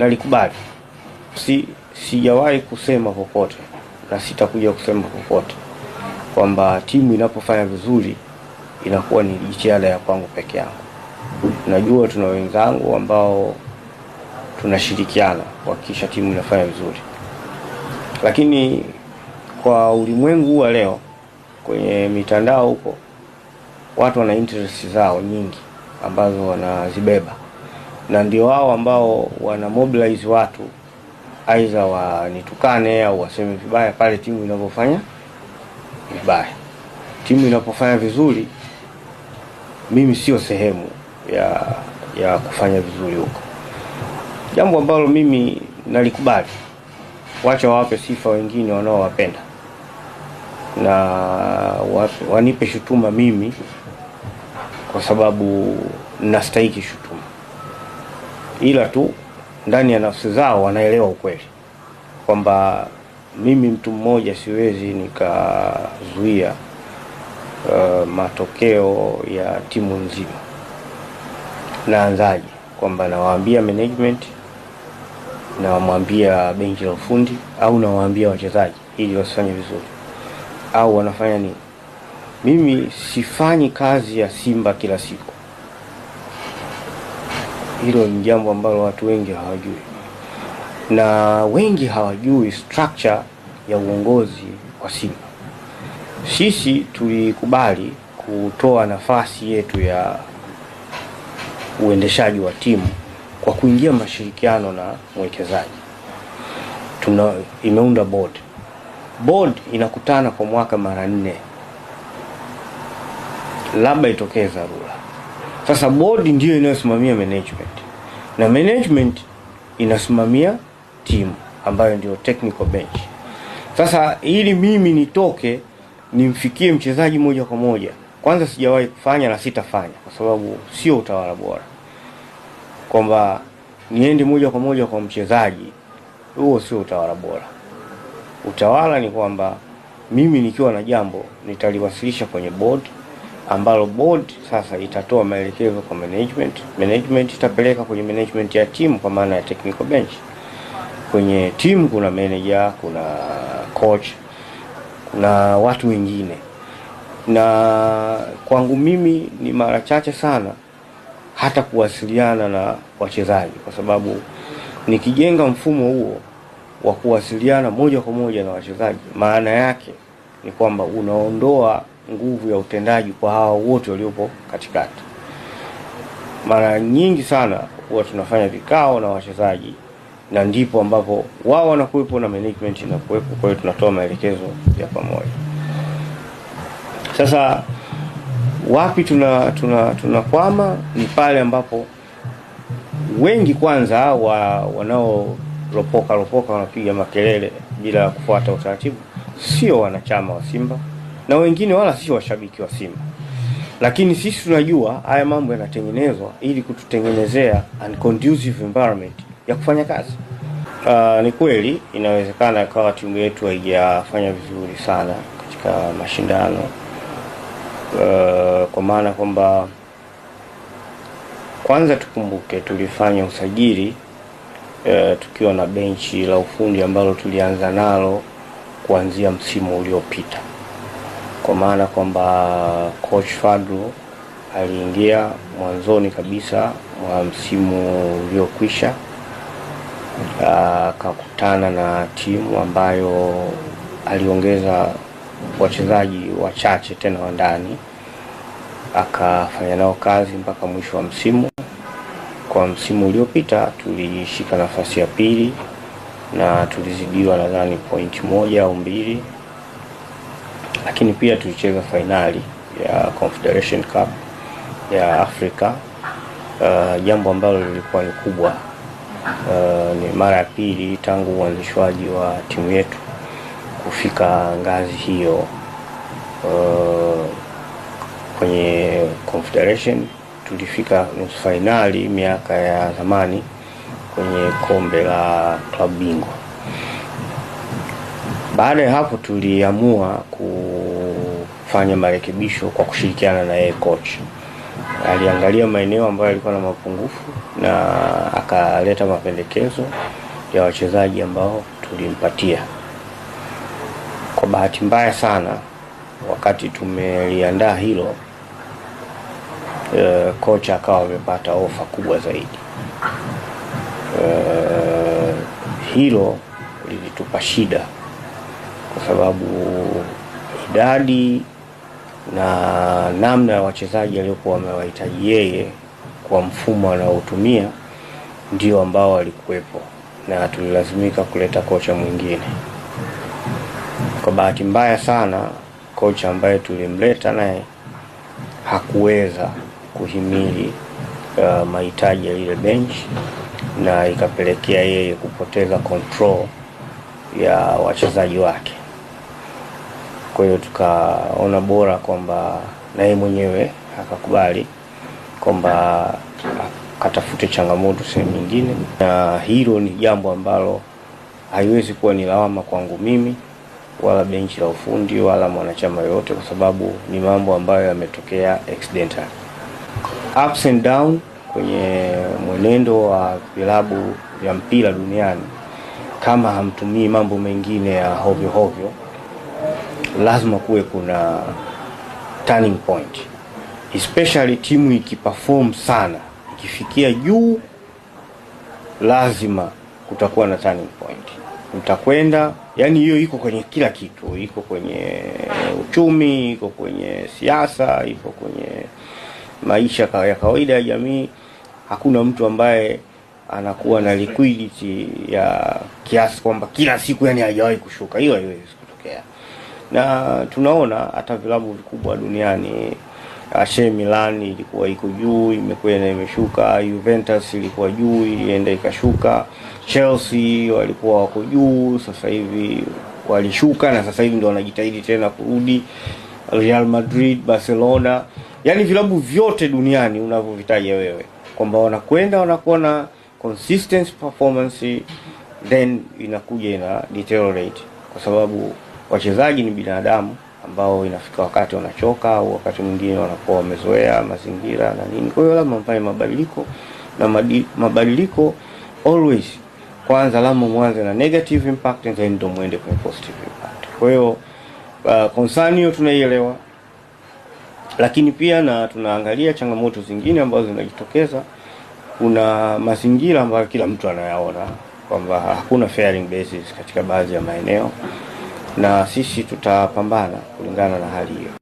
nalikubali. Si, sijawahi kusema popote na sitakuja kusema popote kwamba timu inapofanya vizuri inakuwa ni jitihada ya kwangu peke yangu. Najua tuna wenzangu ambao tunashirikiana kuhakikisha timu inafanya vizuri, lakini kwa ulimwengu wa leo, kwenye mitandao huko, watu wana interest zao nyingi ambazo wanazibeba na ndio wao ambao wana mobilize watu aidha wanitukane au waseme vibaya pale timu inavyofanya vibaya. Timu inapofanya vizuri, mimi sio sehemu ya ya kufanya vizuri huko, jambo ambalo mimi nalikubali. Wacha wawape sifa wengine wanaowapenda na wanipe shutuma mimi kwa sababu nastahiki shutuma ila tu ndani ya nafsi zao wanaelewa ukweli kwamba mimi mtu mmoja siwezi nikazuia uh, matokeo ya timu nzima. Naanzaje? Kwamba nawaambia management, nawamwambia benchi la ufundi, au nawaambia wachezaji ili wasifanye vizuri, au wanafanya nini? Mimi sifanyi kazi ya Simba kila siku. Hilo ni jambo ambalo watu wengi hawajui, na wengi hawajui structure ya uongozi wa Simba. Sisi tulikubali kutoa nafasi yetu ya uendeshaji wa timu kwa kuingia mashirikiano na mwekezaji. Tuna imeunda board. Board inakutana kwa mwaka mara nne, labda itokee dharura sasa bodi ndiyo inayosimamia management na management inasimamia timu ambayo ndio technical bench. Sasa ili mimi nitoke nimfikie mchezaji moja kwa moja, kwanza sijawahi kufanya na sitafanya, kwa sababu sio utawala bora kwamba niende moja kwa moja kwa mchezaji. Huo sio utawala bora. Utawala ni kwamba mimi nikiwa na jambo nitaliwasilisha kwenye bodi ambalo board sasa itatoa maelekezo kwa management. Management itapeleka kwenye management ya timu kwa maana ya technical bench. Kwenye timu kuna manager, kuna coach, kuna watu wengine, na kwangu mimi ni mara chache sana hata kuwasiliana na wachezaji, kwa sababu nikijenga mfumo huo wa kuwasiliana moja kwa moja na wachezaji, maana yake ni kwamba unaondoa nguvu ya utendaji kwa hawa wote waliopo katikati. Mara nyingi sana huwa tunafanya vikao na wachezaji, na ndipo ambapo wao wanakuwepo na management inakuwepo. Kwa hiyo tunatoa maelekezo ya pamoja. Sasa wapi tunakwama? Tuna, tuna ni pale ambapo wengi kwanza wa, wanaolopoka ropoka wanapiga makelele bila kufuata utaratibu sio wanachama wa Simba na wengine wala sio washabiki wa Simba, lakini sisi tunajua haya mambo yanatengenezwa ili kututengenezea an conducive environment ya kufanya kazi. Uh, ni kweli inawezekana ikawa timu yetu haijafanya vizuri sana katika mashindano uh, kwa maana kwamba kwanza tukumbuke tulifanya usajili uh, tukiwa na benchi la ufundi ambalo tulianza nalo kuanzia msimu uliopita kwa maana kwamba coach Fadlu aliingia mwanzoni kabisa mwa msimu uliokwisha akakutana na timu ambayo aliongeza wachezaji wachache tena wa ndani, akafanya nao kazi mpaka mwisho wa msimu. Kwa msimu uliopita tulishika nafasi ya pili na tulizidiwa nadhani pointi moja au mbili lakini pia tulicheza fainali ya Confederation Cup ya Afrika uh, jambo ambalo lilikuwa ni kubwa uh, ni mara ya pili tangu uanzishwaji wa timu yetu kufika ngazi hiyo uh, kwenye Confederation tulifika nusu fainali miaka ya zamani kwenye kombe la klabu bingwa baada ya hapo tuliamua kufanya marekebisho kwa kushirikiana na yeye coach. Aliangalia maeneo ambayo alikuwa na mapungufu na akaleta mapendekezo ya wachezaji ambao tulimpatia. Kwa bahati mbaya sana, wakati tumeliandaa hilo e, eh, kocha akawa amepata ofa kubwa zaidi. E, hilo lilitupa shida kwa sababu idadi na namna ya wachezaji aliyokuwa wamewahitaji yeye kwa mfumo anaotumia ndio ambao walikuwepo, na tulilazimika kuleta kocha mwingine. Kwa bahati mbaya sana, kocha ambaye tulimleta naye hakuweza kuhimili uh, mahitaji ya ile benchi na ikapelekea yeye kupoteza control ya wachezaji wake. Kwa hiyo tukaona bora kwamba na yeye mwenyewe akakubali kwamba katafute changamoto sehemu nyingine, na hilo ni jambo ambalo haiwezi kuwa ni lawama kwangu mimi wala benchi la ufundi wala mwanachama yoyote, kwa sababu ni mambo ambayo yametokea accidental. Ups and down kwenye mwenendo wa vilabu vya mpira duniani, kama hamtumii mambo mengine ya hovyo hovyo lazima kuwe kuna turning point, especially timu ikiperform sana, ikifikia juu, lazima kutakuwa na turning point. Mtakwenda yani, hiyo iko kwenye kila kitu, iko kwenye uchumi, iko kwenye siasa, iko kwenye maisha ya kawaida ya jamii. Hakuna mtu ambaye anakuwa na liquidity ya kiasi kwamba kila siku yani hajawahi kushuka. Hiyo haiwezi kutokea na tunaona hata vilabu vikubwa duniani AC Milan ilikuwa iko juu, imekwenda imeshuka. Juventus ilikuwa juu, ilienda ikashuka. Chelsea walikuwa wako juu, sasa hivi walishuka, na sasa hivi ndio wanajitahidi tena kurudi. Real Madrid, Barcelona, yani vilabu vyote duniani unavyovitaja wewe kwamba wanakwenda wanakuwa na consistent performance, then inakuja ina deteriorate kwa sababu wachezaji ni binadamu ambao inafika wakati wanachoka au wakati mwingine wanakuwa wamezoea mazingira na nini. Kwa hiyo lazima mfanye mabadiliko na mabadiliko always kwanza lazima mwanze na negative impact and then ndo muende kwenye positive impact. Kwa hiyo uh, concern hiyo tunaielewa, lakini pia na tunaangalia changamoto zingine ambazo zinajitokeza. Kuna mazingira ambayo kila mtu anayaona kwamba hakuna fairing basis katika baadhi ya maeneo na sisi tutapambana kulingana na hali hiyo.